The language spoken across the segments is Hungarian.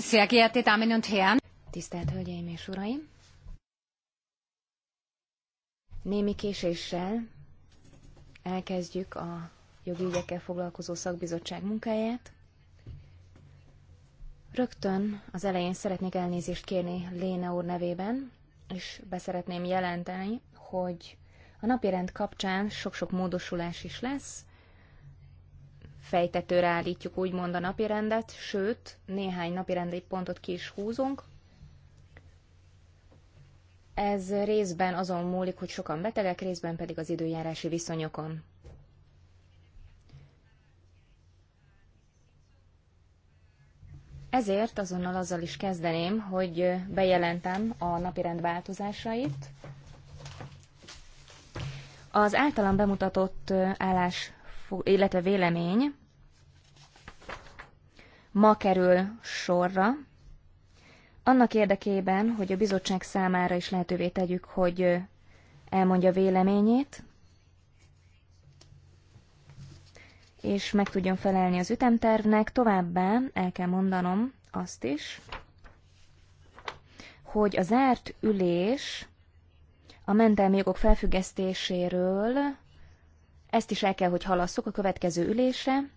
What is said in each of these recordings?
Sehr geehrte Damen und Herren! Tisztelt Hölgyeim és Uraim! Némi késéssel elkezdjük a jogi ügyekkel foglalkozó szakbizottság munkáját. Rögtön az elején szeretnék elnézést kérni Léna úr nevében, és beszeretném jelenteni, hogy a napirend kapcsán sok-sok módosulás is lesz, fejtetőre állítjuk úgymond a napirendet, sőt, néhány napirendi pontot ki is húzunk. Ez részben azon múlik, hogy sokan betegek, részben pedig az időjárási viszonyokon. Ezért azonnal azzal is kezdeném, hogy bejelentem a napirend változásait. Az általam bemutatott állás, illetve vélemény ma kerül sorra, annak érdekében, hogy a bizottság számára is lehetővé tegyük, hogy elmondja véleményét, és meg tudjon felelni az ütemtervnek. Továbbá el kell mondanom azt is, hogy a zárt ülés a mentelmi jogok felfüggesztéséről ezt is el kell, hogy halasszuk a következő ülésre,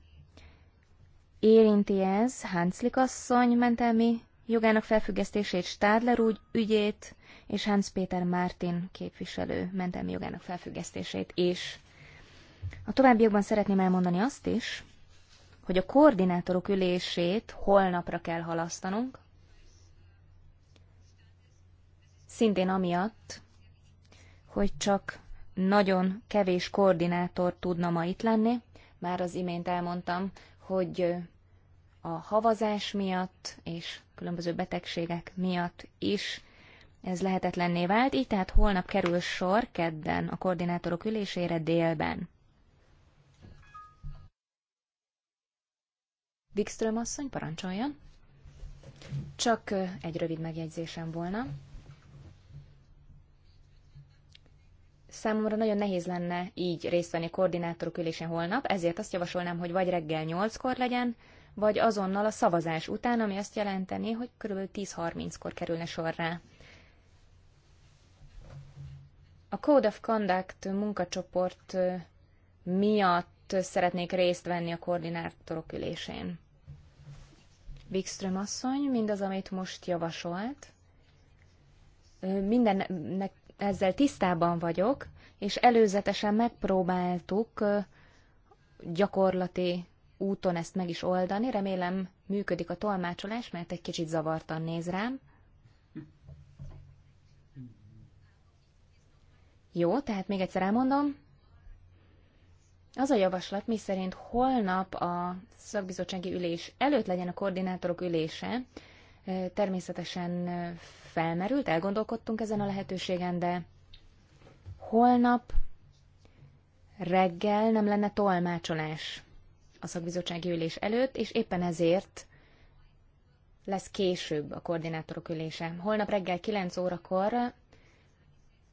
Érinti ez Hanslik asszony mentelmi jogának felfüggesztését, Stádler úgy ügyét, és Hans Péter Mártin képviselő mentelmi jogának felfüggesztését is. A továbbiakban szeretném elmondani azt is, hogy a koordinátorok ülését holnapra kell halasztanunk, szintén amiatt, hogy csak nagyon kevés koordinátor tudna ma itt lenni, már az imént elmondtam, hogy a havazás miatt és különböző betegségek miatt is ez lehetetlenné vált, így tehát holnap kerül sor kedden a koordinátorok ülésére délben. Wikström asszony, parancsoljon! Csak egy rövid megjegyzésem volna. Számomra nagyon nehéz lenne így részt venni a koordinátorok ülésén holnap, ezért azt javasolnám, hogy vagy reggel 8-kor legyen, vagy azonnal a szavazás után, ami azt jelenteni, hogy kb. 10.30-kor kerülne sor rá. A Code of Conduct munkacsoport miatt szeretnék részt venni a koordinátorok ülésén. Wikström asszony, mindaz, amit most javasolt, mindennek ezzel tisztában vagyok, és előzetesen megpróbáltuk gyakorlati úton ezt meg is oldani. Remélem működik a tolmácsolás, mert egy kicsit zavartan néz rám. Jó, tehát még egyszer elmondom. Az a javaslat, mi szerint holnap a szakbizottsági ülés előtt legyen a koordinátorok ülése, természetesen felmerült, elgondolkodtunk ezen a lehetőségen, de holnap reggel nem lenne tolmácsolás a szakbizottsági ülés előtt, és éppen ezért lesz később a koordinátorok ülése. Holnap reggel 9 órakor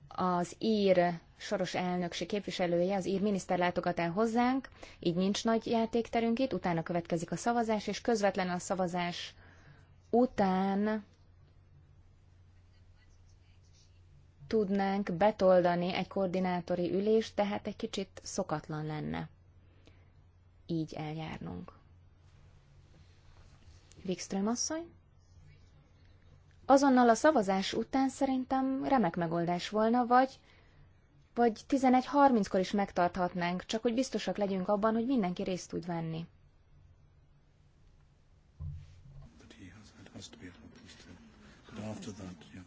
az ír soros elnöksi képviselője, az ír miniszter látogat el hozzánk, így nincs nagy játékterünk itt, utána következik a szavazás, és közvetlen a szavazás után tudnánk betoldani egy koordinátori ülést, tehát egy kicsit szokatlan lenne így eljárnunk. Wikström asszony? Azonnal a szavazás után szerintem remek megoldás volna, vagy vagy 11.30-kor is megtarthatnánk, csak hogy biztosak legyünk abban, hogy mindenki részt tud venni. after that, yeah.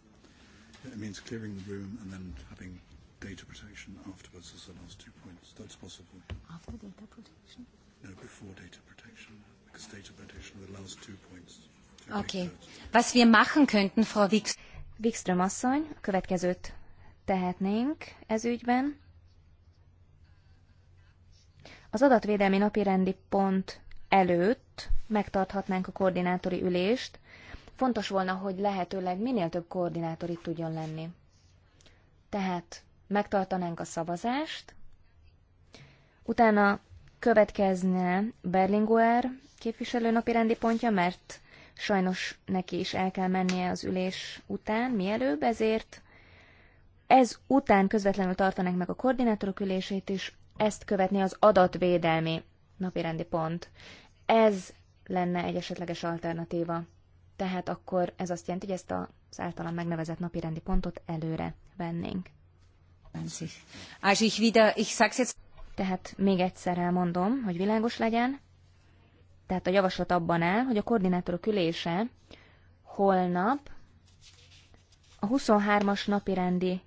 It means clearing the room and then having data protection afterwards as the last two points. That's possible. After data protection? No, before data protection, because data protection are the last two points. Okay. Was wir machen könnten, Frau Wikström. Wikström asszony, a következőt tehetnénk ez ügyben. Az adatvédelmi napirendi pont előtt megtarthatnánk a koordinátori ülést, fontos volna, hogy lehetőleg minél több koordinátor itt tudjon lenni. Tehát megtartanánk a szavazást, utána következne Berlinguer képviselő napi rendi pontja, mert sajnos neki is el kell mennie az ülés után, mielőbb, ezért ez után közvetlenül tartanánk meg a koordinátorok ülését is, ezt követni az adatvédelmi napirendi pont. Ez lenne egy esetleges alternatíva tehát akkor ez azt jelenti, hogy ezt az általam megnevezett napirendi pontot előre vennénk. Tehát még egyszer elmondom, hogy világos legyen. Tehát a javaslat abban áll, hogy a koordinátorok ülése holnap a 23-as napirendi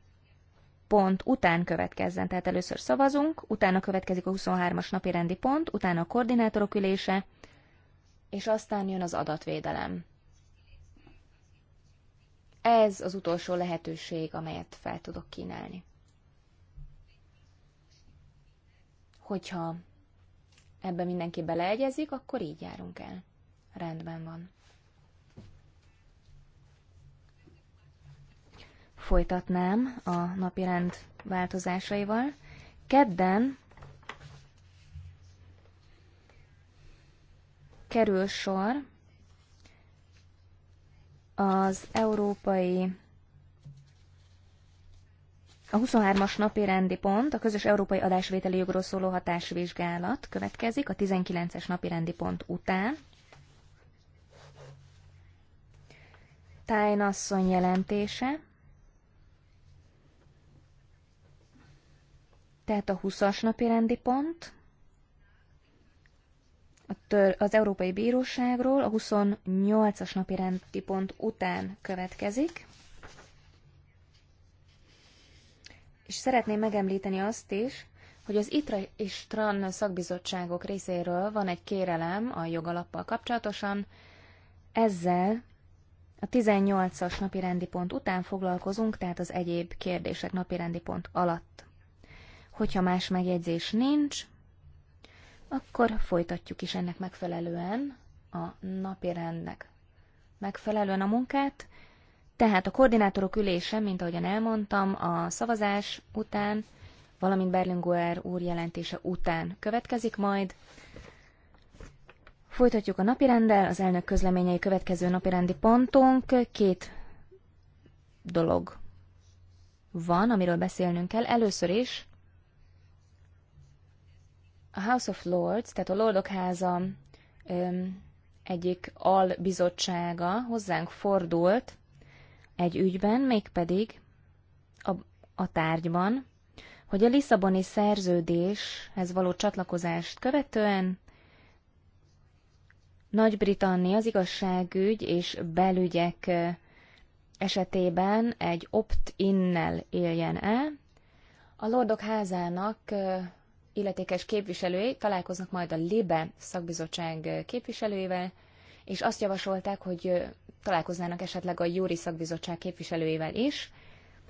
pont után következzen. Tehát először szavazunk, utána következik a 23-as napirendi pont, utána a koordinátorok ülése, és aztán jön az adatvédelem ez az utolsó lehetőség, amelyet fel tudok kínálni. Hogyha ebben mindenki beleegyezik, akkor így járunk el. Rendben van. Folytatnám a napirend változásaival. Kedden kerül sor az európai a 23-as napi rendi pont, a közös európai adásvételi jogról szóló hatásvizsgálat következik a 19-es napi rendi pont után. Tájnasszony jelentése, tehát a 20-as napi rendi pont, az Európai Bíróságról a 28-as napi rendi pont után következik. És szeretném megemlíteni azt is, hogy az ITRA és TRAN szakbizottságok részéről van egy kérelem a jogalappal kapcsolatosan. Ezzel a 18-as napirendi pont után foglalkozunk, tehát az egyéb kérdések napirendi pont alatt. Hogyha más megjegyzés nincs, akkor folytatjuk is ennek megfelelően a napi rendnek megfelelően a munkát. Tehát a koordinátorok ülése, mint ahogyan elmondtam, a szavazás után, valamint Berlinguer úr jelentése után következik majd. Folytatjuk a napirenddel, az elnök közleményei következő napirendi pontunk. Két dolog van, amiről beszélnünk kell. Először is a House of Lords, tehát a Lordok háza öm, egyik albizottsága hozzánk fordult egy ügyben, mégpedig a, a tárgyban, hogy a Lisszaboni szerződéshez való csatlakozást követően Nagy-Britannia az igazságügy és belügyek esetében egy opt-innel éljen el. A Lordok házának illetékes képviselői találkoznak majd a LIBE szakbizottság képviselőivel, és azt javasolták, hogy találkoznának esetleg a Júri szakbizottság képviselőivel is.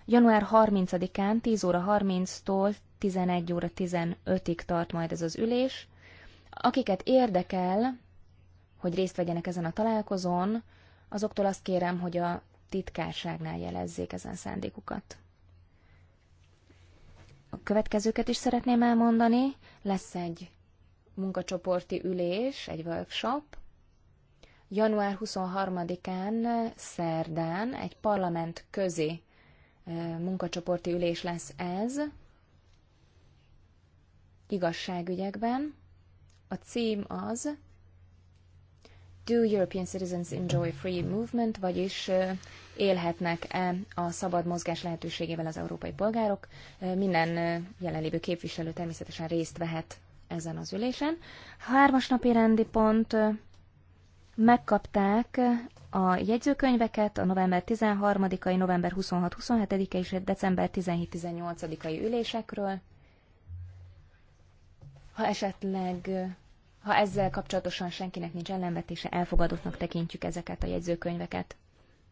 Január 30-án 10 óra 30-tól 11 óra 15-ig tart majd ez az ülés. Akiket érdekel, hogy részt vegyenek ezen a találkozón, azoktól azt kérem, hogy a titkárságnál jelezzék ezen szándékukat. A következőket is szeretném elmondani. Lesz egy munkacsoporti ülés, egy workshop. Január 23-án, szerdán, egy parlament közi munkacsoporti ülés lesz ez, igazságügyekben. A cím az Do European citizens enjoy free movement, vagyis élhetnek-e a szabad mozgás lehetőségével az európai polgárok? Minden jelenlévő képviselő természetesen részt vehet ezen az ülésen. Hármas napi rendi pont megkapták a jegyzőkönyveket a november 13-ai, november 26-27-e és december 17-18-ai ülésekről. Ha esetleg ha ezzel kapcsolatosan senkinek nincs ellenvetése, elfogadottnak tekintjük ezeket a jegyzőkönyveket.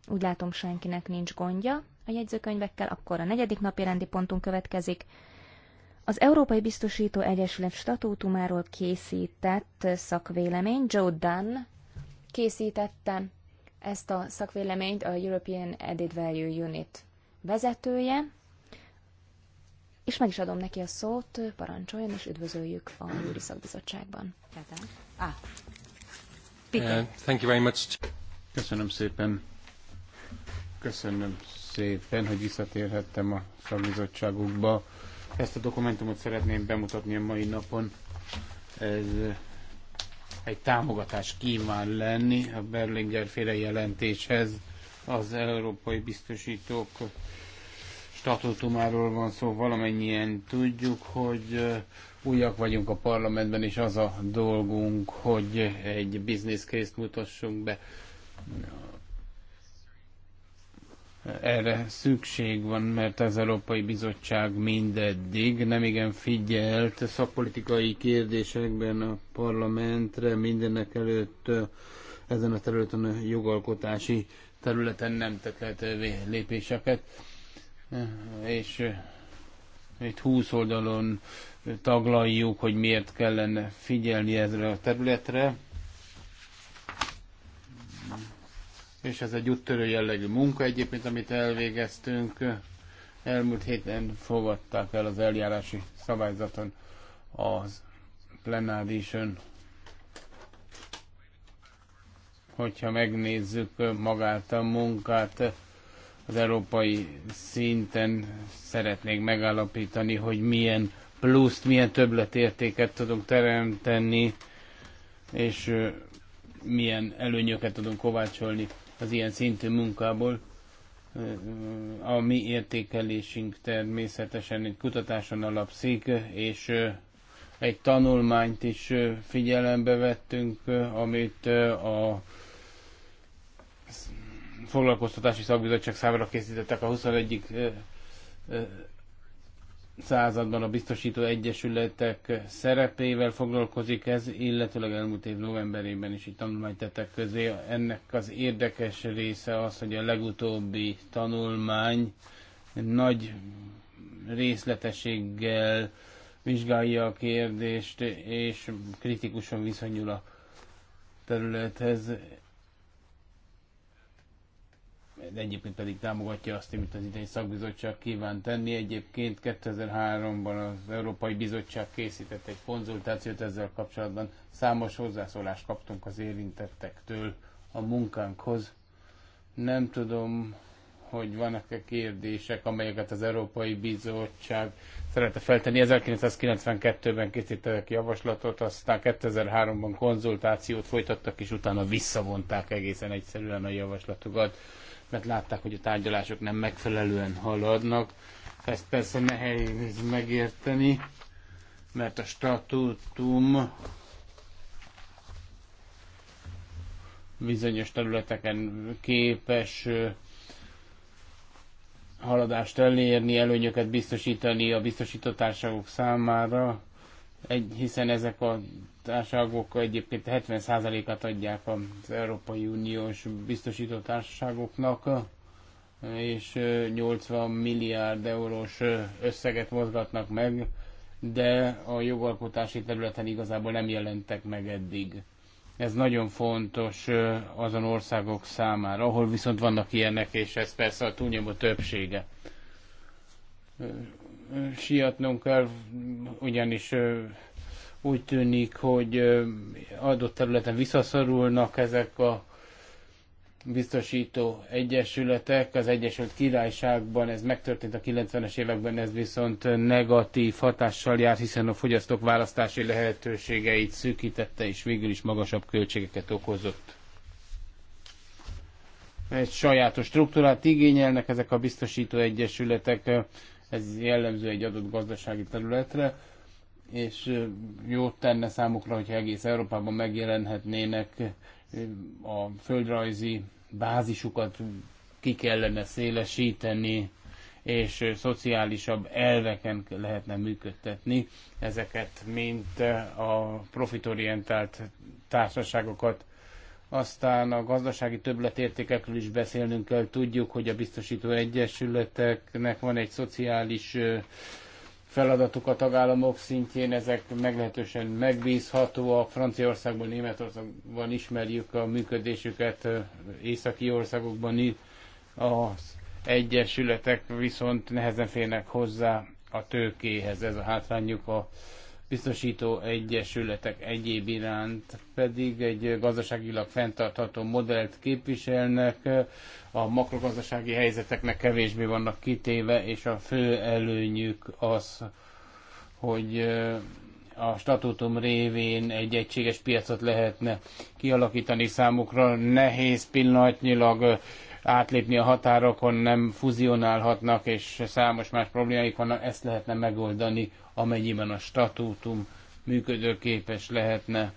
Úgy látom, senkinek nincs gondja a jegyzőkönyvekkel, akkor a negyedik napi rendi pontunk következik. Az Európai Biztosító Egyesület statútumáról készített szakvélemény Joe Dunn készítette ezt a szakvéleményt a European Added Value Unit vezetője, és meg is adom neki a szót, parancsoljon, és üdvözöljük a Júri Szakbizottságban. Ah. Peter. Uh, thank you very much. Köszönöm szépen. Köszönöm szépen, hogy visszatérhettem a szakbizottságukba. Ezt a dokumentumot szeretném bemutatni a mai napon. Ez uh, egy támogatás kíván lenni a Berlinger féle jelentéshez az európai biztosítók statutumáról van szó, valamennyien tudjuk, hogy újak vagyunk a parlamentben, és az a dolgunk, hogy egy business case-t mutassunk be. Erre szükség van, mert az Európai Bizottság mindeddig nem igen figyelt szakpolitikai kérdésekben a parlamentre, mindenek előtt ezen a területen a jogalkotási területen nem tett lehetővé lépéseket és itt 20 oldalon taglaljuk, hogy miért kellene figyelni ezre a területre. És ez egy úttörő jellegű munka egyébként, amit elvégeztünk. Elmúlt héten fogadták el az eljárási szabályzaton az plenárison. Hogyha megnézzük magát a munkát, az európai szinten szeretnénk megállapítani, hogy milyen pluszt, milyen többletértéket tudunk teremteni, és milyen előnyöket tudunk kovácsolni az ilyen szintű munkából. A mi értékelésünk természetesen egy kutatáson alapszik, és egy tanulmányt is figyelembe vettünk, amit a foglalkoztatási szakbizottság számára készítettek a 21. században a biztosító egyesületek szerepével foglalkozik ez, illetőleg elmúlt év novemberében is itt tanulmányt tettek közé. Ennek az érdekes része az, hogy a legutóbbi tanulmány nagy részletességgel vizsgálja a kérdést, és kritikusan viszonyul a területhez, egyébként pedig támogatja azt, amit az idei szakbizottság kíván tenni. Egyébként 2003-ban az Európai Bizottság készített egy konzultációt ezzel kapcsolatban. Számos hozzászólást kaptunk az érintettektől a munkánkhoz. Nem tudom, hogy vannak-e kérdések, amelyeket az Európai Bizottság szerette feltenni. 1992-ben készítettek javaslatot, aztán 2003-ban konzultációt folytattak, és utána visszavonták egészen egyszerűen a javaslatukat mert látták, hogy a tárgyalások nem megfelelően haladnak. Ezt persze nehéz megérteni, mert a statútum bizonyos területeken képes haladást elérni, előnyöket biztosítani a biztosítótársaságok számára, egy, hiszen ezek a társaságok egyébként 70%-át adják az Európai Uniós biztosító társaságoknak, és 80 milliárd eurós összeget mozgatnak meg, de a jogalkotási területen igazából nem jelentek meg eddig. Ez nagyon fontos azon országok számára, ahol viszont vannak ilyenek, és ez persze a túlnyomó többsége sietnünk kell, ugyanis úgy tűnik, hogy adott területen visszaszorulnak ezek a biztosító egyesületek. Az Egyesült Királyságban ez megtörtént a 90-es években, ez viszont negatív hatással jár, hiszen a fogyasztók választási lehetőségeit szűkítette, és végül is magasabb költségeket okozott egy sajátos struktúrát igényelnek ezek a biztosító egyesületek, ez jellemző egy adott gazdasági területre, és jót tenne számukra, hogyha egész Európában megjelenhetnének a földrajzi bázisukat ki kellene szélesíteni, és szociálisabb elveken lehetne működtetni ezeket, mint a profitorientált társaságokat. Aztán a gazdasági többletértékekről is beszélnünk kell. Tudjuk, hogy a biztosító egyesületeknek van egy szociális feladatuk a tagállamok szintjén, ezek meglehetősen megbízhatóak. Franciaországban, Németországban ismerjük a működésüket, északi országokban az egyesületek viszont nehezen férnek hozzá a tőkéhez, ez a hátrányuk a biztosító egyesületek egyéb iránt pedig egy gazdaságilag fenntartható modellt képviselnek, a makrogazdasági helyzeteknek kevésbé vannak kitéve, és a fő előnyük az, hogy a statútum révén egy egységes piacot lehetne kialakítani számukra. Nehéz pillanatnyilag átlépni a határokon, nem fuzionálhatnak, és számos más problémáik vannak, ezt lehetne megoldani, amennyiben a statútum működőképes lehetne.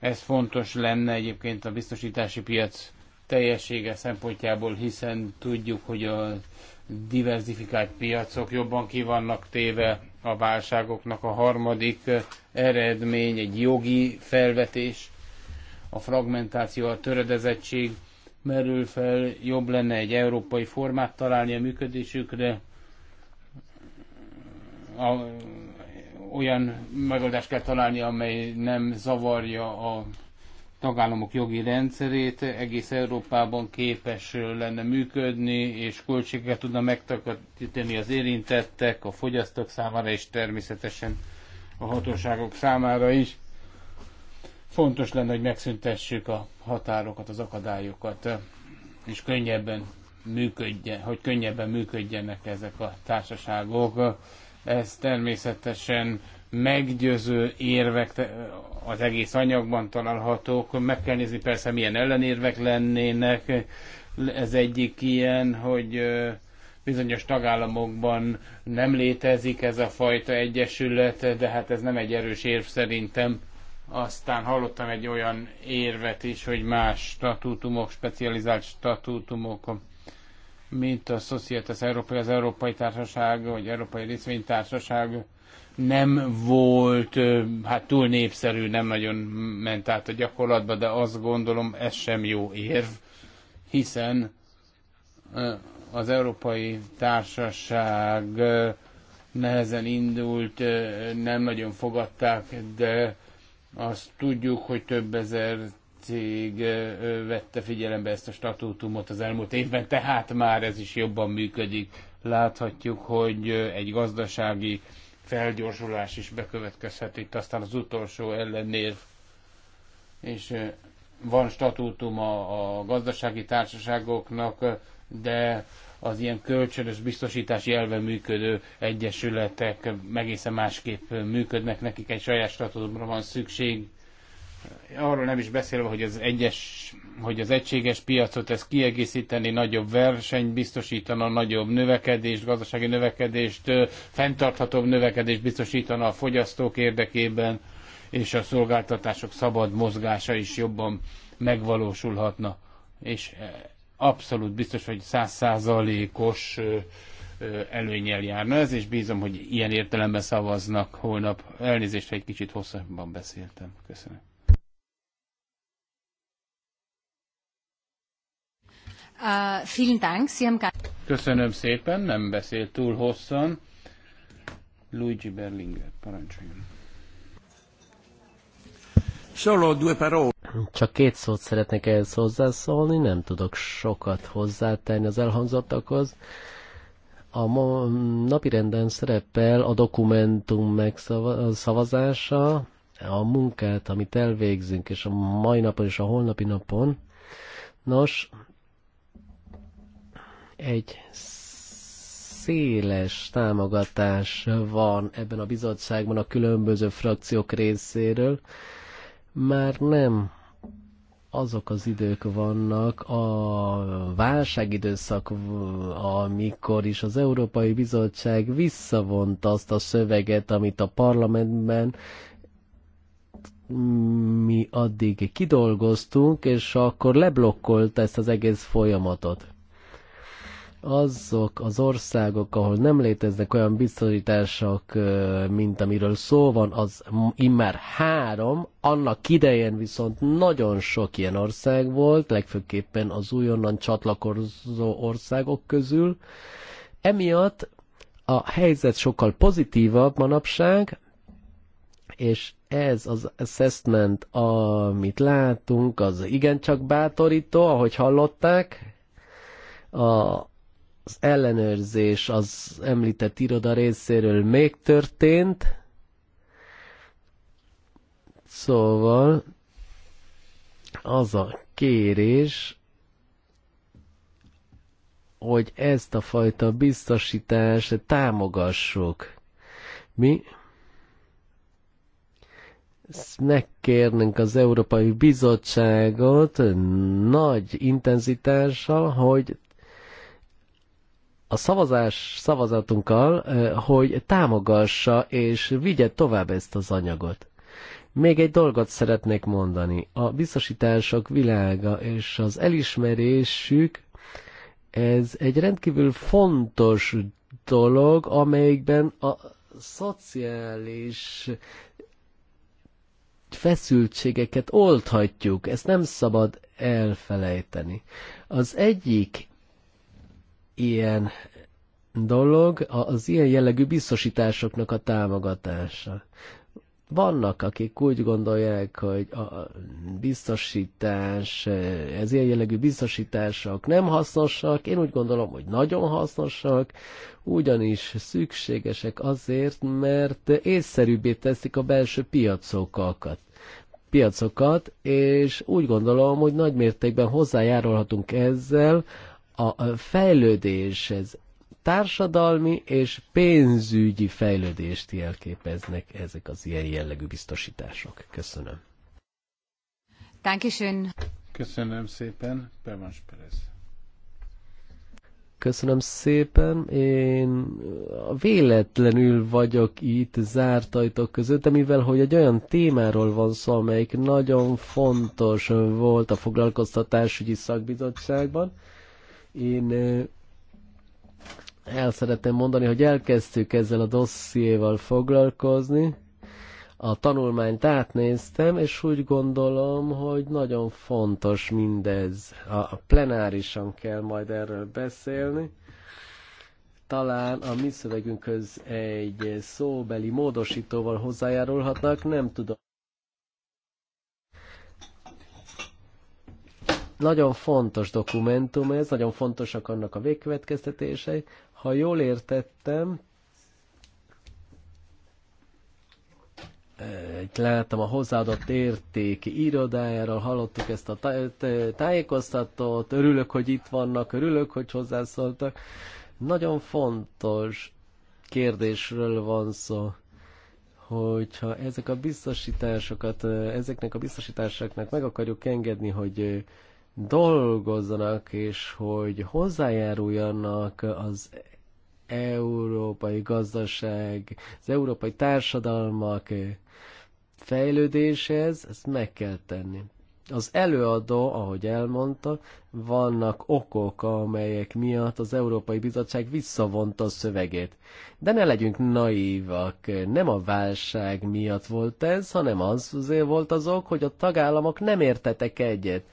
Ez fontos lenne egyébként a biztosítási piac teljessége szempontjából, hiszen tudjuk, hogy a diversifikált piacok jobban kivannak téve a válságoknak. A harmadik eredmény egy jogi felvetés, a fragmentáció, a töredezettség merül fel, jobb lenne egy európai formát találni a működésükre, a, olyan megoldást kell találni, amely nem zavarja a tagállamok jogi rendszerét, egész Európában képes lenne működni, és költségeket tudna megtakarítani az érintettek, a fogyasztók számára, és természetesen a hatóságok számára is. Fontos lenne, hogy megszüntessük a határokat, az akadályokat, és könnyebben működjen, hogy könnyebben működjenek ezek a társaságok. Ez természetesen meggyőző érvek az egész anyagban találhatók. Meg kell nézni persze, milyen ellenérvek lennének. Ez egyik ilyen, hogy bizonyos tagállamokban nem létezik ez a fajta egyesület, de hát ez nem egy erős érv szerintem. Aztán hallottam egy olyan érvet is, hogy más statútumok, specializált statútumok, mint a Societas Európai, az Európai Társaság, vagy Európai Részvénytársaság nem volt hát túl népszerű, nem nagyon ment át a gyakorlatba, de azt gondolom ez sem jó érv, hiszen az Európai Társaság nehezen indult, nem nagyon fogadták, de azt tudjuk, hogy több ezer cég vette figyelembe ezt a statútumot az elmúlt évben, tehát már ez is jobban működik. Láthatjuk, hogy egy gazdasági felgyorsulás is bekövetkezhet itt, aztán az utolsó ellenév. és van statútum a gazdasági társaságoknak, de az ilyen kölcsönös biztosítási elve működő egyesületek egészen másképp működnek, nekik egy saját statutumra van szükség. Arról nem is beszélve, hogy az, egyes, hogy az egységes piacot ez kiegészíteni, nagyobb verseny biztosítana, nagyobb növekedést, gazdasági növekedést, fenntarthatóbb növekedést biztosítana a fogyasztók érdekében, és a szolgáltatások szabad mozgása is jobban megvalósulhatna. És abszolút biztos, hogy százszázalékos előnyel járna ez, és bízom, hogy ilyen értelemben szavaznak holnap. Elnézést, egy kicsit hosszabban beszéltem. Köszönöm. Uh, Köszönöm szépen, nem beszélt túl hosszan. Luigi Berlinger, parancsoljon. Solo due parole. Csak két szót szeretnék ehhez hozzászólni, nem tudok sokat hozzátenni az elhangzottakhoz. A ma, renden szerepel a dokumentum megszavazása, a munkát, amit elvégzünk, és a mai napon és a holnapi napon. Nos, egy széles támogatás van ebben a bizottságban a különböző frakciók részéről. Már nem azok az idők vannak, a válságidőszak, amikor is az Európai Bizottság visszavonta azt a szöveget, amit a parlamentben mi addig kidolgoztunk, és akkor leblokkolt ezt az egész folyamatot azok az országok, ahol nem léteznek olyan biztosítások, mint amiről szó van, az immár három, annak idején viszont nagyon sok ilyen ország volt, legfőképpen az újonnan csatlakozó országok közül. Emiatt a helyzet sokkal pozitívabb manapság, és ez az assessment, amit látunk, az igencsak bátorító, ahogy hallották, a az ellenőrzés az említett iroda részéről még történt, Szóval az a kérés, hogy ezt a fajta biztosítást támogassuk. Mi megkérnénk az Európai Bizottságot nagy intenzitással, hogy a szavazás szavazatunkkal, hogy támogassa és vigye tovább ezt az anyagot. Még egy dolgot szeretnék mondani. A biztosítások világa és az elismerésük, ez egy rendkívül fontos dolog, amelyikben a szociális feszültségeket oldhatjuk. Ezt nem szabad elfelejteni. Az egyik ilyen dolog az ilyen jellegű biztosításoknak a támogatása. Vannak, akik úgy gondolják, hogy a biztosítás, ez ilyen jellegű biztosítások nem hasznosak. Én úgy gondolom, hogy nagyon hasznosak, ugyanis szükségesek azért, mert észszerűbbé teszik a belső piacokat piacokat, és úgy gondolom, hogy nagy mértékben hozzájárulhatunk ezzel a fejlődéshez társadalmi és pénzügyi fejlődést jelképeznek ezek az ilyen jellegű biztosítások. Köszönöm. Dankeschön. Köszönöm szépen, Permans Perez. Köszönöm szépen. Én véletlenül vagyok itt zárt ajtók között, mivel hogy egy olyan témáról van szó, amelyik nagyon fontos volt a foglalkoztatásügyi szakbizottságban, én el szeretném mondani, hogy elkezdtük ezzel a dossziéval foglalkozni, a tanulmányt átnéztem, és úgy gondolom, hogy nagyon fontos mindez. A plenárisan kell majd erről beszélni. Talán a mi szövegünkhöz egy szóbeli módosítóval hozzájárulhatnak, nem tudom. Nagyon fontos dokumentum ez, nagyon fontosak annak a végkövetkeztetései. Ha jól értettem, itt láttam a hozzáadott érték irodájáról, hallottuk ezt a tájékoztatót, örülök, hogy itt vannak, örülök, hogy hozzászóltak. Nagyon fontos kérdésről van szó, hogyha ezek a biztosításokat, ezeknek a biztosításoknak meg akarjuk engedni, hogy dolgozzanak, és hogy hozzájáruljanak az európai gazdaság, az európai társadalmak fejlődéshez, ezt meg kell tenni. Az előadó, ahogy elmondta, vannak okok, amelyek miatt az Európai Bizottság visszavonta a szövegét. De ne legyünk naívak, nem a válság miatt volt ez, hanem az azért volt az ok, hogy a tagállamok nem értetek egyet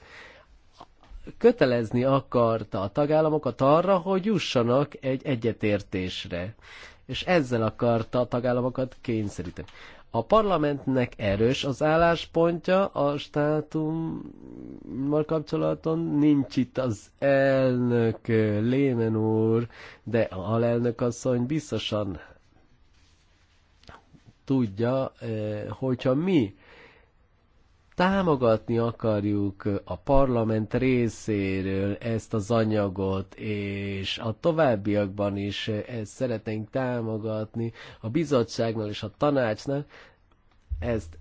kötelezni akarta a tagállamokat arra, hogy jussanak egy egyetértésre. És ezzel akarta a tagállamokat kényszeríteni. A parlamentnek erős az álláspontja, a státummal kapcsolaton nincs itt az elnök Lémen úr, de a alelnök asszony biztosan tudja, eh, hogyha mi támogatni akarjuk a parlament részéről ezt az anyagot, és a továbbiakban is ezt szeretnénk támogatni a bizottságnál és a tanácsnál, ezt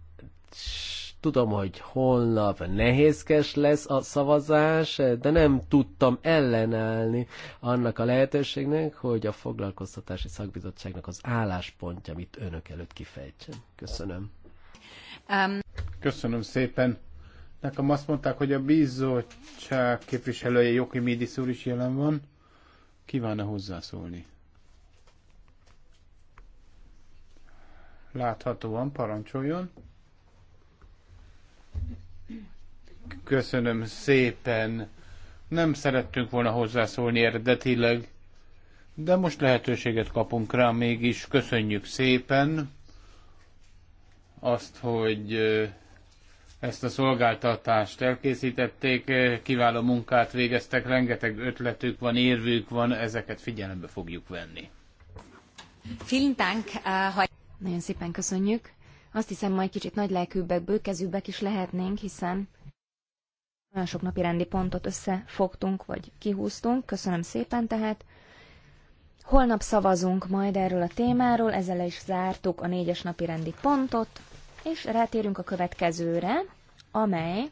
tudom, hogy holnap nehézkes lesz a szavazás, de nem tudtam ellenállni annak a lehetőségnek, hogy a foglalkoztatási szakbizottságnak az álláspontja, amit önök előtt kifejtsen. Köszönöm. Um... Köszönöm szépen. Nekem azt mondták, hogy a bizottság képviselője Joki Midis úr is jelen van. Kívánna hozzászólni? Láthatóan parancsoljon. Köszönöm szépen. Nem szerettünk volna hozzászólni eredetileg, de most lehetőséget kapunk rá mégis. Köszönjük szépen azt, hogy ezt a szolgáltatást elkészítették, kiváló munkát végeztek, rengeteg ötletük van, érvük van, ezeket figyelembe fogjuk venni. Äh, nagyon szépen köszönjük. Azt hiszem, majd kicsit nagy lelkűbbek, bőkezűbbek is lehetnénk, hiszen nagyon sok napi rendi pontot összefogtunk, vagy kihúztunk. Köszönöm szépen tehát. Holnap szavazunk majd erről a témáról, ezzel is zártuk a négyes napi rendi pontot. És rátérünk a következőre, amely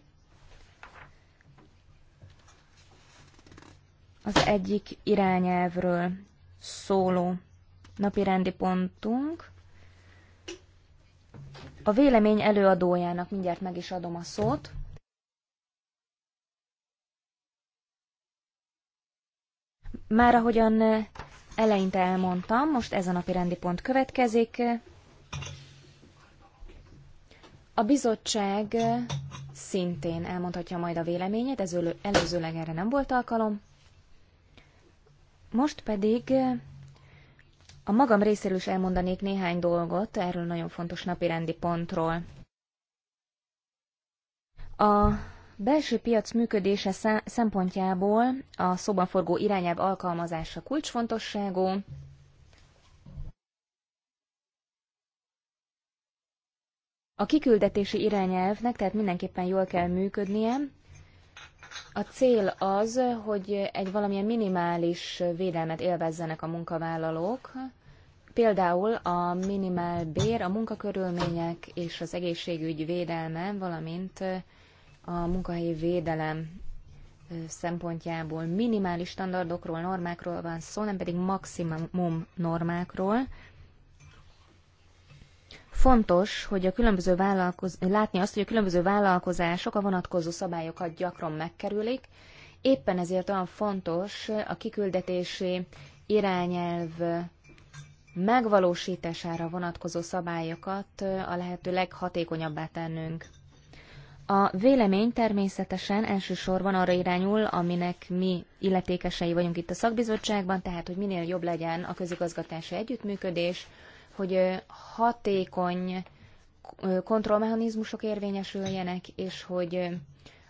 az egyik irányelvről szóló napirendi pontunk. A vélemény előadójának mindjárt meg is adom a szót. Már ahogyan eleinte elmondtam, most ez a napi rendi pont következik. A bizottság szintén elmondhatja majd a véleményét, ez előzőleg erre nem volt alkalom. Most pedig a magam részéről is elmondanék néhány dolgot erről nagyon fontos napirendi pontról. A belső piac működése szempontjából a szobaforgó forgó alkalmazása kulcsfontosságú, A kiküldetési irányelvnek tehát mindenképpen jól kell működnie. A cél az, hogy egy valamilyen minimális védelmet élvezzenek a munkavállalók, például a minimál bér, a munkakörülmények és az egészségügy védelme, valamint a munkahelyi védelem szempontjából minimális standardokról, normákról van szó, nem pedig maximum normákról. Fontos, hogy a különböző vállalkoz... látni azt, hogy a különböző vállalkozások a vonatkozó szabályokat gyakran megkerülik, éppen ezért olyan fontos a kiküldetési irányelv megvalósítására vonatkozó szabályokat a lehető leghatékonyabbá tennünk. A vélemény természetesen elsősorban arra irányul, aminek mi illetékesei vagyunk itt a szakbizottságban, tehát hogy minél jobb legyen a közigazgatási együttműködés, hogy hatékony kontrollmechanizmusok érvényesüljenek, és hogy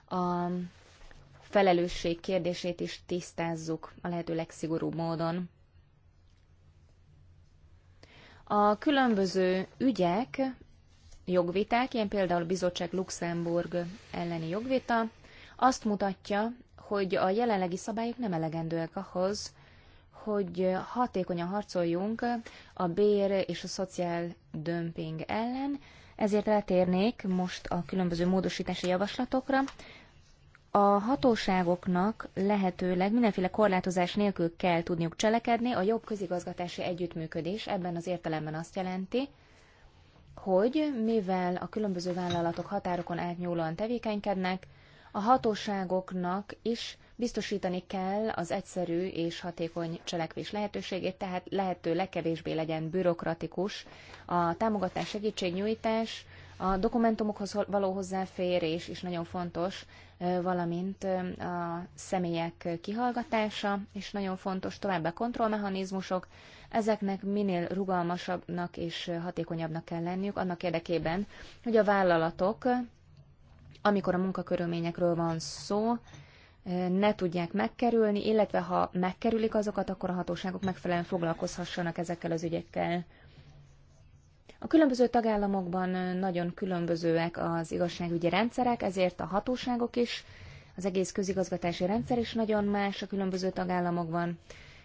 a felelősség kérdését is tisztázzuk a lehető legszigorúbb módon. A különböző ügyek, jogviták, ilyen például a bizottság Luxemburg elleni jogvita, azt mutatja, hogy a jelenlegi szabályok nem elegendőek ahhoz, hogy hatékonyan harcoljunk a bér és a szociál dömping ellen, ezért rátérnék most a különböző módosítási javaslatokra. A hatóságoknak lehetőleg mindenféle korlátozás nélkül kell tudniuk cselekedni, a jobb közigazgatási együttműködés ebben az értelemben azt jelenti, hogy mivel a különböző vállalatok határokon átnyúlóan tevékenykednek, a hatóságoknak is Biztosítani kell az egyszerű és hatékony cselekvés lehetőségét, tehát lehető legkevésbé legyen bürokratikus a támogatás, segítségnyújtás, a dokumentumokhoz való hozzáférés is nagyon fontos, valamint a személyek kihallgatása is nagyon fontos, továbbá kontrollmechanizmusok. Ezeknek minél rugalmasabbnak és hatékonyabbnak kell lenniük, annak érdekében, hogy a vállalatok, amikor a munkakörülményekről van szó, ne tudják megkerülni, illetve ha megkerülik azokat, akkor a hatóságok megfelelően foglalkozhassanak ezekkel az ügyekkel. A különböző tagállamokban nagyon különbözőek az igazságügyi rendszerek, ezért a hatóságok is, az egész közigazgatási rendszer is nagyon más a különböző tagállamokban.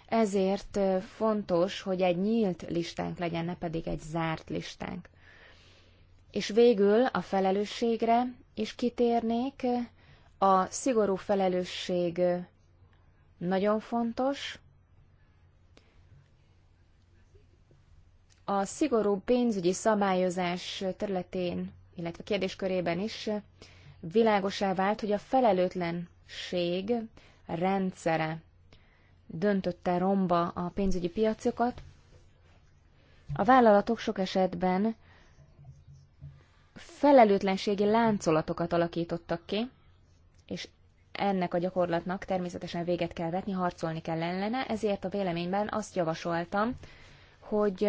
Ezért fontos, hogy egy nyílt listánk legyen, ne pedig egy zárt listánk. És végül a felelősségre is kitérnék, a szigorú felelősség nagyon fontos. A szigorú pénzügyi szabályozás területén, illetve kérdéskörében is világosá vált, hogy a felelőtlenség rendszere döntötte romba a pénzügyi piacokat. A vállalatok sok esetben felelőtlenségi láncolatokat alakítottak ki, és ennek a gyakorlatnak természetesen véget kell vetni, harcolni kell ellene, ezért a véleményben azt javasoltam, hogy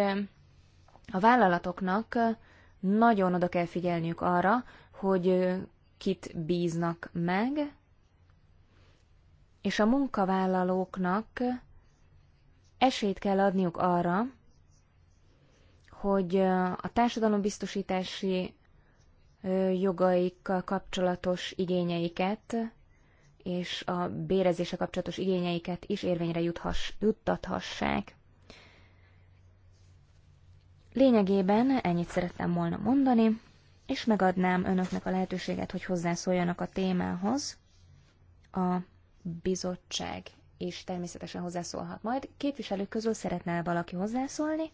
a vállalatoknak nagyon oda kell figyelniük arra, hogy kit bíznak meg, és a munkavállalóknak esélyt kell adniuk arra, hogy a társadalombiztosítási jogaikkal kapcsolatos igényeiket és a bérezése kapcsolatos igényeiket is érvényre juthass, juttathassák. Lényegében ennyit szerettem volna mondani, és megadnám önöknek a lehetőséget, hogy hozzászóljanak a témához. A bizottság és természetesen hozzászólhat majd. Képviselők közül szeretne valaki hozzászólni?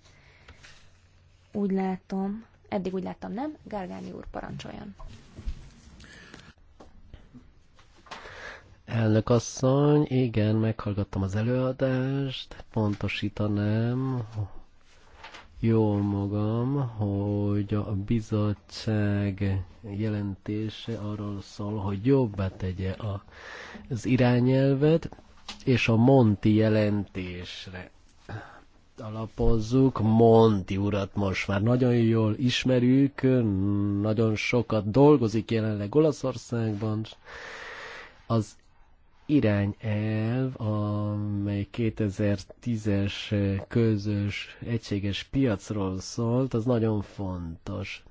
Úgy látom, Eddig úgy láttam nem. Gárgányi úr, parancsoljon. Elnök asszony, igen, meghallgattam az előadást, pontosítanám, jó magam, hogy a bizottság jelentése arról szól, hogy jobbá tegye az irányelvet, és a Monti jelentésre alapozzuk. Monti urat most már nagyon jól ismerjük, nagyon sokat dolgozik jelenleg Olaszországban. Az irányelv, amely 2010-es közös egységes piacról szólt, az nagyon fontos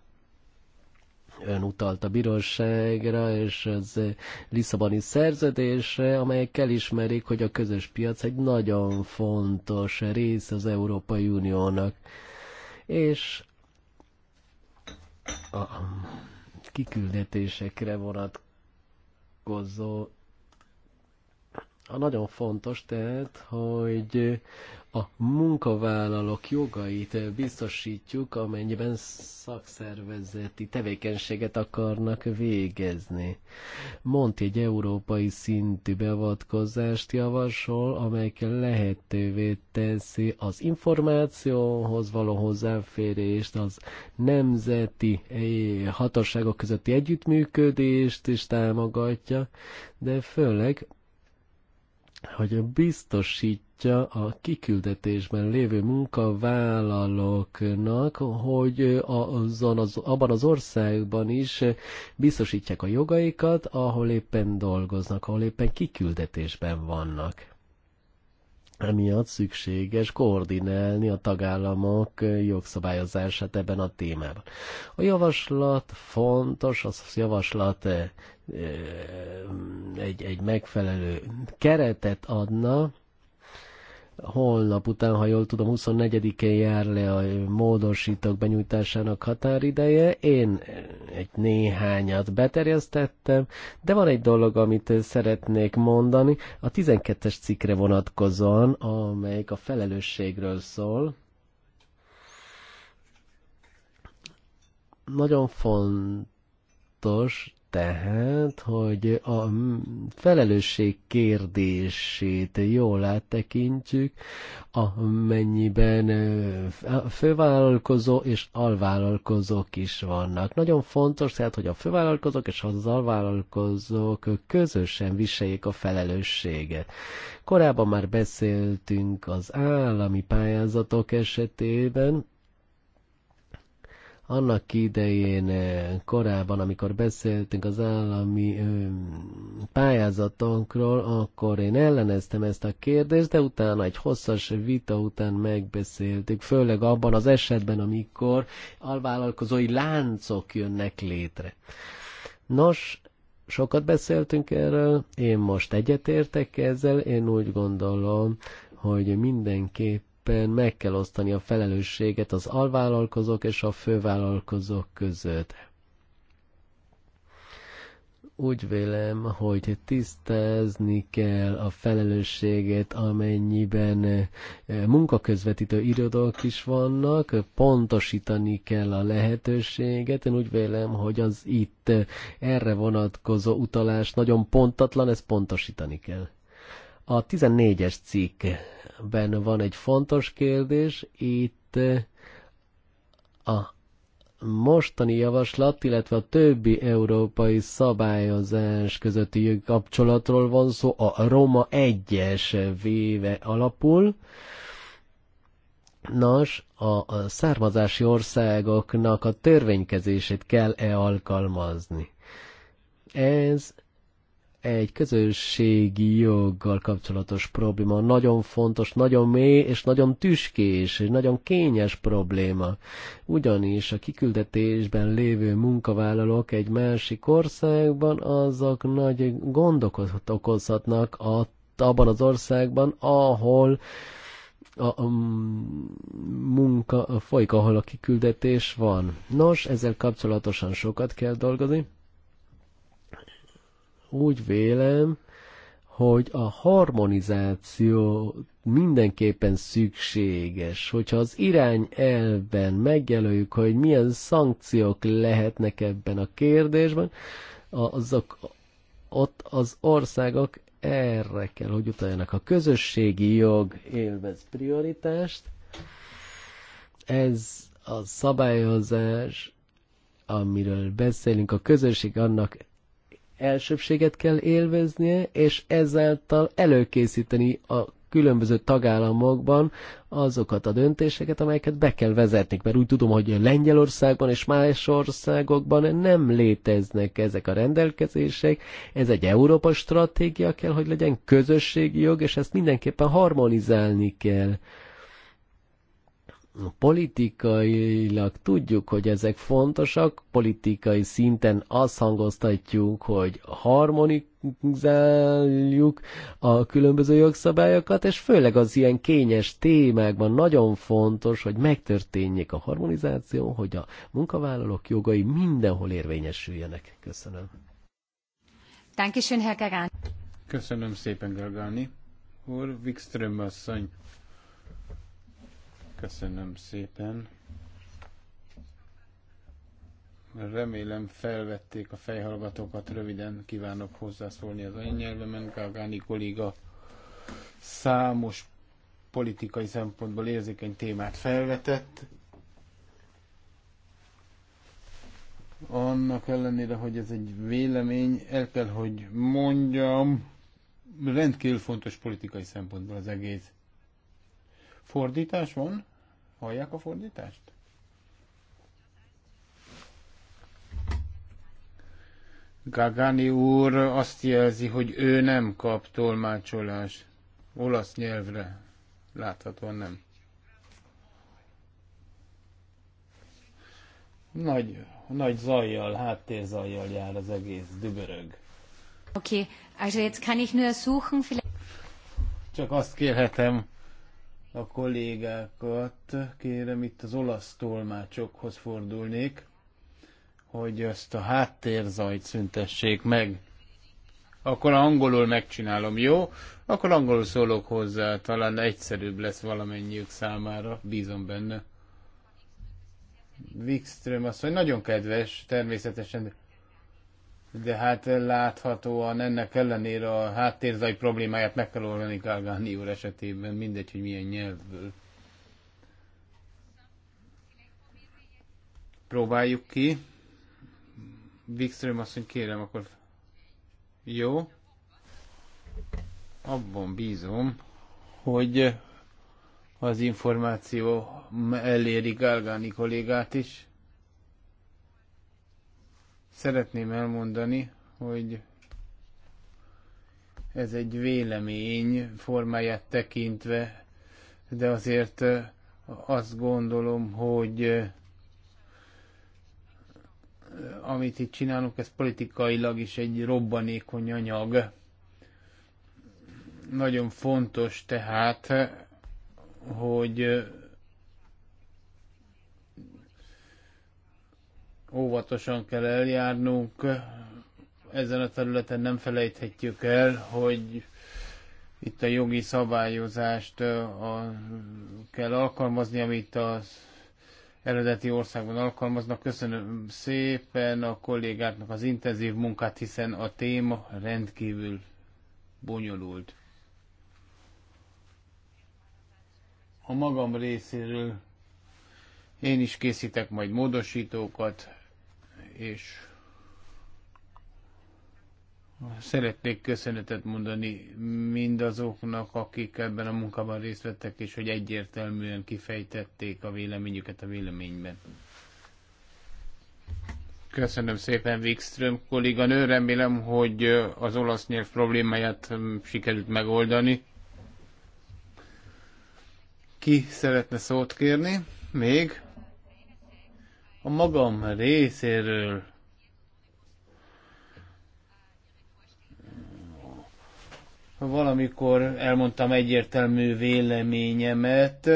ön utalt a bíróságra és az Lisszaboni szerződésre, amelyek elismerik, hogy a közös piac egy nagyon fontos rész az Európai Uniónak. És a kiküldetésekre vonatkozó a nagyon fontos tehát, hogy a munkavállalók jogait biztosítjuk, amennyiben szakszervezeti tevékenységet akarnak végezni. Mont egy európai szintű beavatkozást javasol, amely lehetővé teszi az információhoz való hozzáférést, az nemzeti eh, hatóságok közötti együttműködést is támogatja, de főleg hogy biztosítja a kiküldetésben lévő munkavállalóknak, hogy azon az, abban az országban is biztosítják a jogaikat, ahol éppen dolgoznak, ahol éppen kiküldetésben vannak emiatt szükséges koordinálni a tagállamok jogszabályozását ebben a témában. A javaslat fontos, az javaslat eh, eh, egy, egy megfelelő keretet adna, holnap után, ha jól tudom, 24-én jár le a módosítók benyújtásának határideje. Én egy néhányat beterjesztettem, de van egy dolog, amit szeretnék mondani. A 12-es cikkre vonatkozóan, amelyik a felelősségről szól, nagyon fontos tehát, hogy a felelősség kérdését jól áttekintjük, amennyiben fővállalkozó és alvállalkozók is vannak. Nagyon fontos tehát, hogy a fővállalkozók és az alvállalkozók közösen viseljék a felelősséget. Korábban már beszéltünk az állami pályázatok esetében, annak idején eh, korábban, amikor beszéltünk az állami pályázatokról, akkor én elleneztem ezt a kérdést, de utána egy hosszas vita után megbeszéltük, főleg abban az esetben, amikor alvállalkozói láncok jönnek létre. Nos, sokat beszéltünk erről, én most egyetértek ezzel, én úgy gondolom, hogy mindenképp mindenképpen meg kell osztani a felelősséget az alvállalkozók és a fővállalkozók között. Úgy vélem, hogy tisztázni kell a felelősséget, amennyiben e, munkaközvetítő irodók is vannak, pontosítani kell a lehetőséget. Én úgy vélem, hogy az itt e, erre vonatkozó utalás nagyon pontatlan, ezt pontosítani kell. A 14-es cikkben van egy fontos kérdés, itt eh, a mostani javaslat, illetve a többi európai szabályozás közötti kapcsolatról van szó, a Roma 1-es véve alapul. Nos, a származási országoknak a törvénykezését kell-e alkalmazni? Ez egy közösségi joggal kapcsolatos probléma. Nagyon fontos, nagyon mély és nagyon tüskés, és nagyon kényes probléma. Ugyanis a kiküldetésben lévő munkavállalók egy másik országban azok nagy gondokat okozhatnak a, abban az országban, ahol a, a munka folyik, ahol a kiküldetés van. Nos, ezzel kapcsolatosan sokat kell dolgozni úgy vélem, hogy a harmonizáció mindenképpen szükséges, hogyha az irány elben megjelöljük, hogy milyen szankciók lehetnek ebben a kérdésben, azok ott az országok erre kell, hogy utaljanak. A közösségi jog élvez prioritást, ez a szabályozás, amiről beszélünk, a közösség annak elsőbséget kell élveznie, és ezáltal előkészíteni a különböző tagállamokban azokat a döntéseket, amelyeket be kell vezetni, mert úgy tudom, hogy Lengyelországban és más országokban nem léteznek ezek a rendelkezések, ez egy Európa stratégia kell, hogy legyen közösségi jog, és ezt mindenképpen harmonizálni kell politikailag tudjuk, hogy ezek fontosak, politikai szinten azt hangoztatjuk, hogy harmonizáljuk a különböző jogszabályokat, és főleg az ilyen kényes témákban nagyon fontos, hogy megtörténjék a harmonizáció, hogy a munkavállalók jogai mindenhol érvényesüljenek. Köszönöm. Köszönöm szépen, Gargani. Úr, Wikström asszony. Köszönöm szépen. Remélem felvették a fejhallgatókat, röviden kívánok hozzászólni az anyanyelvemen. Gágáni kolléga számos politikai szempontból érzékeny témát felvetett. Annak ellenére, hogy ez egy vélemény, el kell, hogy mondjam, rendkívül fontos politikai szempontból az egész. Fordítás van? Hallják a fordítást? Gagani úr azt jelzi, hogy ő nem kap tolmácsolás olasz nyelvre. Láthatóan nem. Nagy, nagy zajjal, háttérzajjal jár az egész, dübörög. Oké, okay. also jetzt kann ich nur suchen, vielleicht... Csak azt kérhetem, a kollégákat kérem, itt az olasz tolmácsokhoz fordulnék, hogy ezt a háttérzajt szüntessék meg. Akkor angolul megcsinálom, jó? Akkor angolul szólok hozzá, talán egyszerűbb lesz valamennyiük számára, bízom benne. Wikström azt mondja, nagyon kedves, természetesen de hát láthatóan ennek ellenére a háttérzaj problémáját meg kell oldani Galgani úr esetében, mindegy, hogy milyen nyelvből. Próbáljuk ki. Wikström mondja, kérem, akkor jó. Abban bízom, hogy az információ eléri Galgani kollégát is Szeretném elmondani, hogy ez egy vélemény formáját tekintve, de azért azt gondolom, hogy amit itt csinálunk, ez politikailag is egy robbanékony anyag. Nagyon fontos tehát, hogy óvatosan kell eljárnunk. Ezen a területen nem felejthetjük el, hogy itt a jogi szabályozást a, kell alkalmazni, amit az eredeti országban alkalmaznak. Köszönöm szépen a kollégáknak az intenzív munkát, hiszen a téma rendkívül bonyolult. A magam részéről én is készítek majd módosítókat, és Szeretnék köszönetet mondani mindazoknak, akik ebben a munkában részt vettek, és hogy egyértelműen kifejtették a véleményüket a véleményben. Köszönöm szépen Wikström kolléganő, remélem, hogy az olasz nyelv problémáját sikerült megoldani. Ki szeretne szót kérni? Még? A magam részéről valamikor elmondtam egyértelmű véleményemet,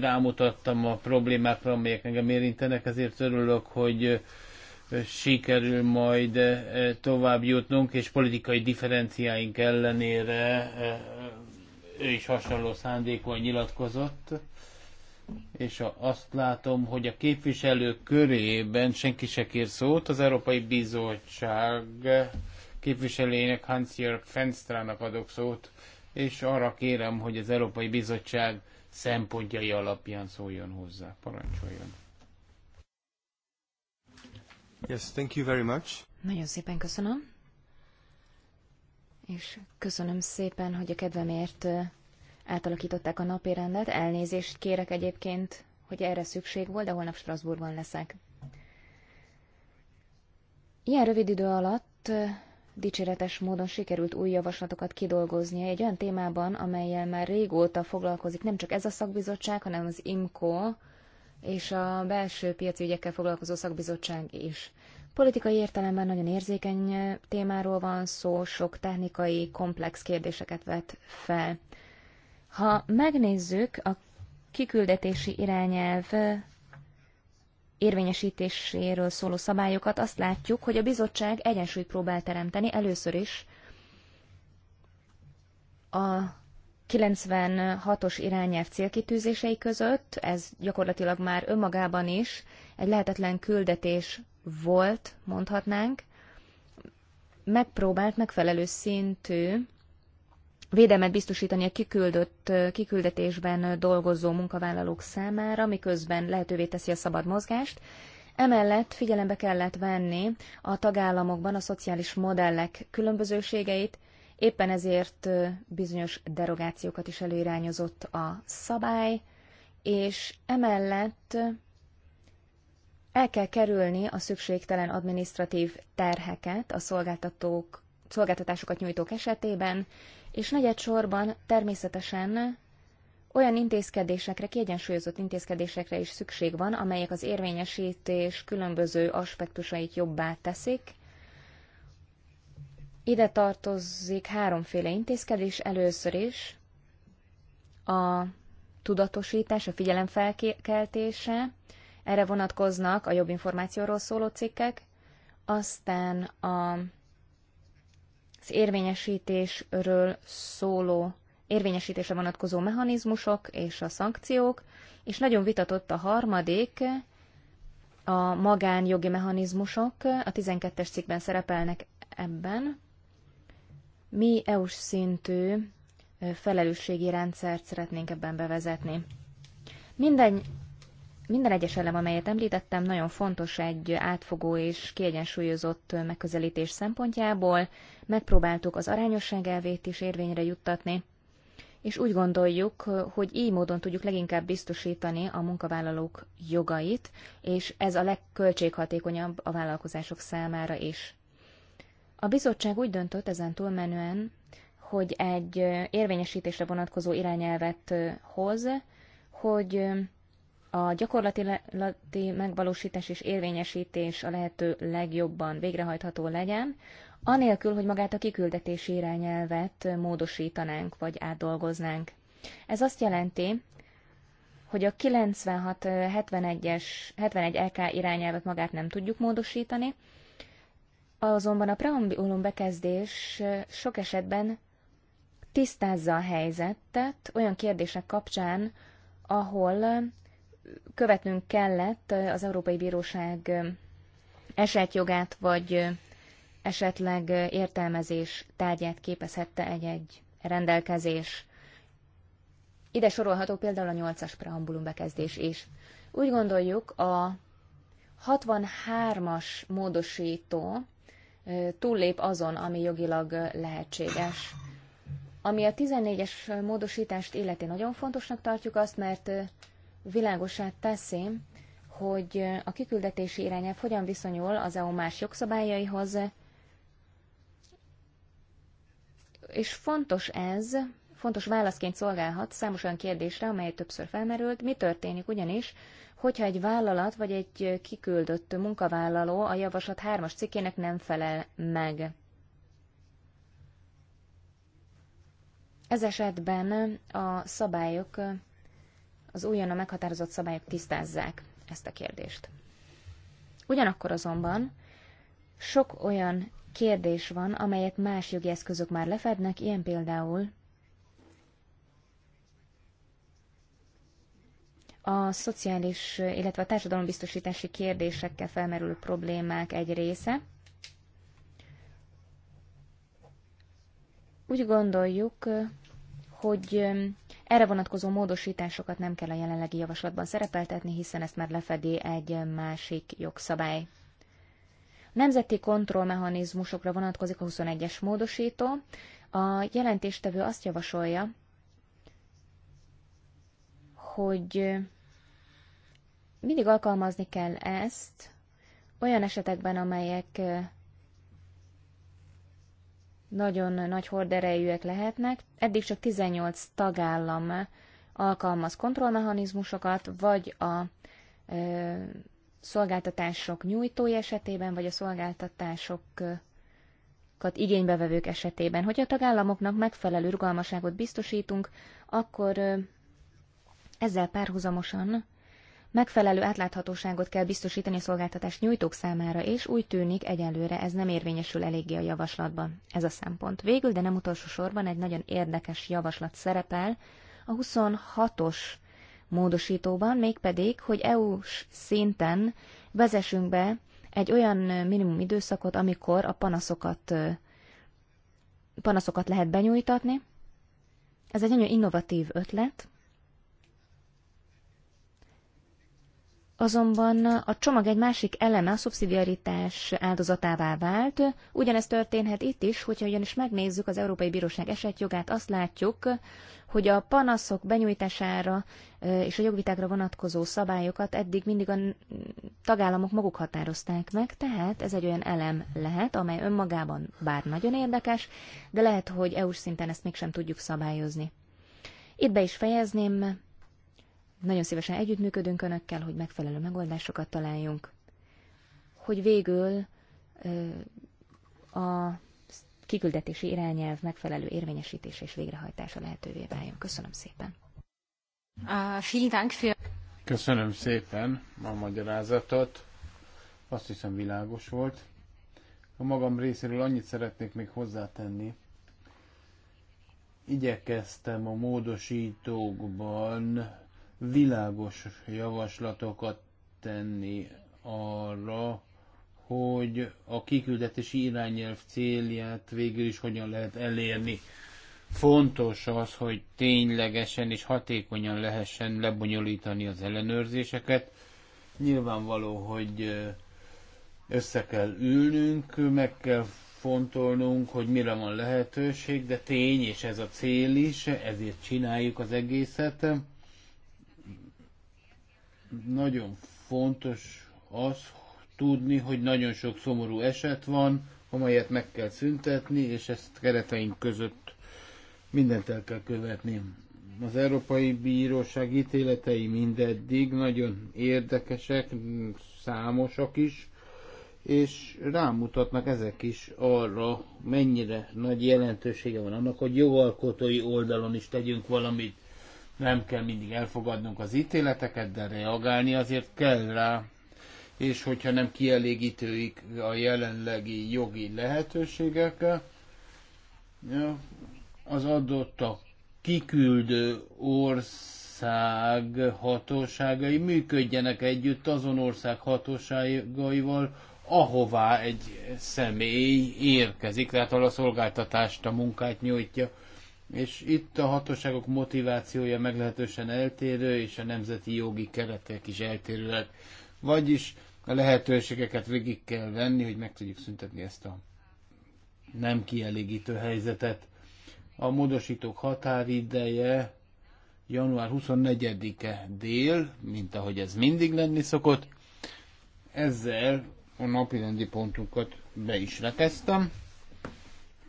rámutattam a problémákra, amelyek engem érintenek, ezért örülök, hogy sikerül majd eh, tovább jutnunk, és politikai differenciáink ellenére eh, ő is hasonló szándékon nyilatkozott és azt látom, hogy a képviselők körében senki se kér szót. Az Európai Bizottság képviselőjének Hans-Jörg Fenstrának adok szót, és arra kérem, hogy az Európai Bizottság szempontjai alapján szóljon hozzá. Parancsoljon. Yes, thank you very much. Nagyon szépen köszönöm. És köszönöm szépen, hogy a kedvemért átalakították a napi rendet. Elnézést kérek egyébként, hogy erre szükség volt, de holnap Strasbourgban leszek. Ilyen rövid idő alatt dicséretes módon sikerült új javaslatokat kidolgoznia egy olyan témában, amelyel már régóta foglalkozik nem csak ez a szakbizottság, hanem az IMCO és a belső piaci ügyekkel foglalkozó szakbizottság is. Politikai értelemben nagyon érzékeny témáról van szó, sok technikai, komplex kérdéseket vet fel. Ha megnézzük a kiküldetési irányelv érvényesítéséről szóló szabályokat, azt látjuk, hogy a bizottság egyensúlyt próbál teremteni először is a 96-os irányelv célkitűzései között, ez gyakorlatilag már önmagában is egy lehetetlen küldetés volt, mondhatnánk, megpróbált megfelelő szintű védelmet biztosítani a kiküldött, kiküldetésben dolgozó munkavállalók számára, miközben lehetővé teszi a szabad mozgást. Emellett figyelembe kellett venni a tagállamokban a szociális modellek különbözőségeit, éppen ezért bizonyos derogációkat is előirányozott a szabály, és emellett el kell kerülni a szükségtelen adminisztratív terheket a szolgáltatók, szolgáltatásokat nyújtók esetében, és negyed sorban természetesen olyan intézkedésekre, kiegyensúlyozott intézkedésekre is szükség van, amelyek az érvényesítés különböző aspektusait jobbá teszik. Ide tartozik háromféle intézkedés először is, a tudatosítás, a figyelemfelkeltése. erre vonatkoznak a jobb információról szóló cikkek, aztán a érvényesítésről szóló, érvényesítésre vonatkozó mechanizmusok és a szankciók, és nagyon vitatott a harmadik, a magánjogi mechanizmusok, a 12-es cikkben szerepelnek ebben. Mi EU-s szintű felelősségi rendszert szeretnénk ebben bevezetni. Minden minden egyes elem, amelyet említettem, nagyon fontos egy átfogó és kiegyensúlyozott megközelítés szempontjából. Megpróbáltuk az arányosság elvét is érvényre juttatni, és úgy gondoljuk, hogy így módon tudjuk leginkább biztosítani a munkavállalók jogait, és ez a legköltséghatékonyabb a vállalkozások számára is. A bizottság úgy döntött ezen túlmenően, hogy egy érvényesítésre vonatkozó irányelvet hoz, hogy a gyakorlati megvalósítás és érvényesítés a lehető legjobban végrehajtható legyen, anélkül, hogy magát a kiküldetési irányelvet módosítanánk vagy átdolgoznánk. Ez azt jelenti, hogy a 96-71-es 71 LK irányelvet magát nem tudjuk módosítani, azonban a preambulum bekezdés sok esetben tisztázza a helyzetet olyan kérdések kapcsán, ahol követnünk kellett az Európai Bíróság esetjogát, vagy esetleg értelmezés tárgyát képezhette egy-egy rendelkezés. Ide sorolható például a 8-as preambulum bekezdés is. Úgy gondoljuk, a 63-as módosító túllép azon, ami jogilag lehetséges. Ami a 14-es módosítást illeti nagyon fontosnak tartjuk azt, mert világosát teszi, hogy a kiküldetési irányelv hogyan viszonyul az EU más jogszabályaihoz, és fontos ez, fontos válaszként szolgálhat számos olyan kérdésre, amely többször felmerült. Mi történik ugyanis, hogyha egy vállalat vagy egy kiküldött munkavállaló a javaslat hármas cikkének nem felel meg? Ez esetben a szabályok az újonnan meghatározott szabályok tisztázzák ezt a kérdést. Ugyanakkor azonban sok olyan kérdés van, amelyet más jogi eszközök már lefednek, ilyen például a szociális, illetve a társadalombiztosítási kérdésekkel felmerülő problémák egy része. Úgy gondoljuk, hogy erre vonatkozó módosításokat nem kell a jelenlegi javaslatban szerepeltetni, hiszen ezt már lefedi egy másik jogszabály. A nemzeti kontrollmechanizmusokra vonatkozik a 21-es módosító. A jelentéstevő azt javasolja, hogy mindig alkalmazni kell ezt olyan esetekben, amelyek nagyon nagy horderejűek lehetnek. Eddig csak 18 tagállam alkalmaz kontrollmechanizmusokat, vagy a ö, szolgáltatások nyújtói esetében, vagy a szolgáltatásokat igénybevevők esetében. Hogy a tagállamoknak megfelelő rugalmaságot biztosítunk, akkor ö, ezzel párhuzamosan Megfelelő átláthatóságot kell biztosítani a szolgáltatás nyújtók számára, és úgy tűnik egyelőre ez nem érvényesül eléggé a javaslatban. Ez a szempont. Végül, de nem utolsó sorban egy nagyon érdekes javaslat szerepel a 26-os módosítóban, mégpedig, hogy EU-s szinten vezessünk be egy olyan minimum időszakot, amikor a panaszokat, panaszokat lehet benyújtatni. Ez egy nagyon innovatív ötlet, Azonban a csomag egy másik eleme a szubszidiaritás áldozatává vált. Ugyanezt történhet itt is, hogyha ugyanis megnézzük az Európai Bíróság esetjogát, azt látjuk, hogy a panaszok benyújtására és a jogvitákra vonatkozó szabályokat eddig mindig a tagállamok maguk határozták meg, tehát ez egy olyan elem lehet, amely önmagában bár nagyon érdekes, de lehet, hogy EU-s szinten ezt mégsem tudjuk szabályozni. Itt be is fejezném, nagyon szívesen együttműködünk önökkel, hogy megfelelő megoldásokat találjunk, hogy végül a kiküldetési irányelv megfelelő érvényesítése és végrehajtása lehetővé váljon. Köszönöm szépen. Köszönöm szépen a magyarázatot. Azt hiszem világos volt. A magam részéről annyit szeretnék még hozzátenni. Igyekeztem a módosítókban világos javaslatokat tenni arra, hogy a kiküldetési irányelv célját végül is hogyan lehet elérni. Fontos az, hogy ténylegesen és hatékonyan lehessen lebonyolítani az ellenőrzéseket. Nyilvánvaló, hogy össze kell ülnünk, meg kell fontolnunk, hogy mire van lehetőség, de tény, és ez a cél is, ezért csináljuk az egészet. Nagyon fontos az tudni, hogy nagyon sok szomorú eset van, amelyet meg kell szüntetni, és ezt kereteink között mindent el kell követni. Az Európai Bíróság ítéletei mindeddig nagyon érdekesek, számosak is, és rámutatnak ezek is arra, mennyire nagy jelentősége van annak, hogy jogalkotói oldalon is tegyünk valamit. Nem kell mindig elfogadnunk az ítéleteket, de reagálni azért kell rá. És hogyha nem kielégítőik a jelenlegi jogi lehetőségek, az adott a kiküldő ország hatóságai működjenek együtt azon ország hatóságaival, ahová egy személy érkezik, tehát ahol a szolgáltatást, a munkát nyújtja. És itt a hatóságok motivációja meglehetősen eltérő, és a nemzeti jogi keretek is eltérőek. Vagyis a lehetőségeket végig kell venni, hogy meg tudjuk szüntetni ezt a nem kielégítő helyzetet. A módosítók határideje január 24-e dél, mint ahogy ez mindig lenni szokott. Ezzel a napirendi pontunkat be is rekeztem.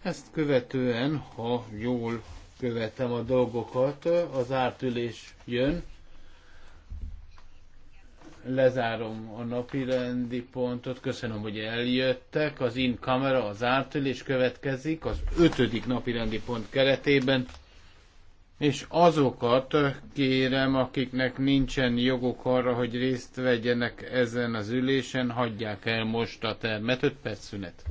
Ezt követően, ha jól követem a dolgokat, az ártülés jön, lezárom a napi rendi pontot. Köszönöm, hogy eljöttek. Az in kamera, az ártülés következik az ötödik napi rendi pont keretében. És azokat kérem, akiknek nincsen joguk arra, hogy részt vegyenek ezen az ülésen, hagyják el most a termet, 5 perc szünet.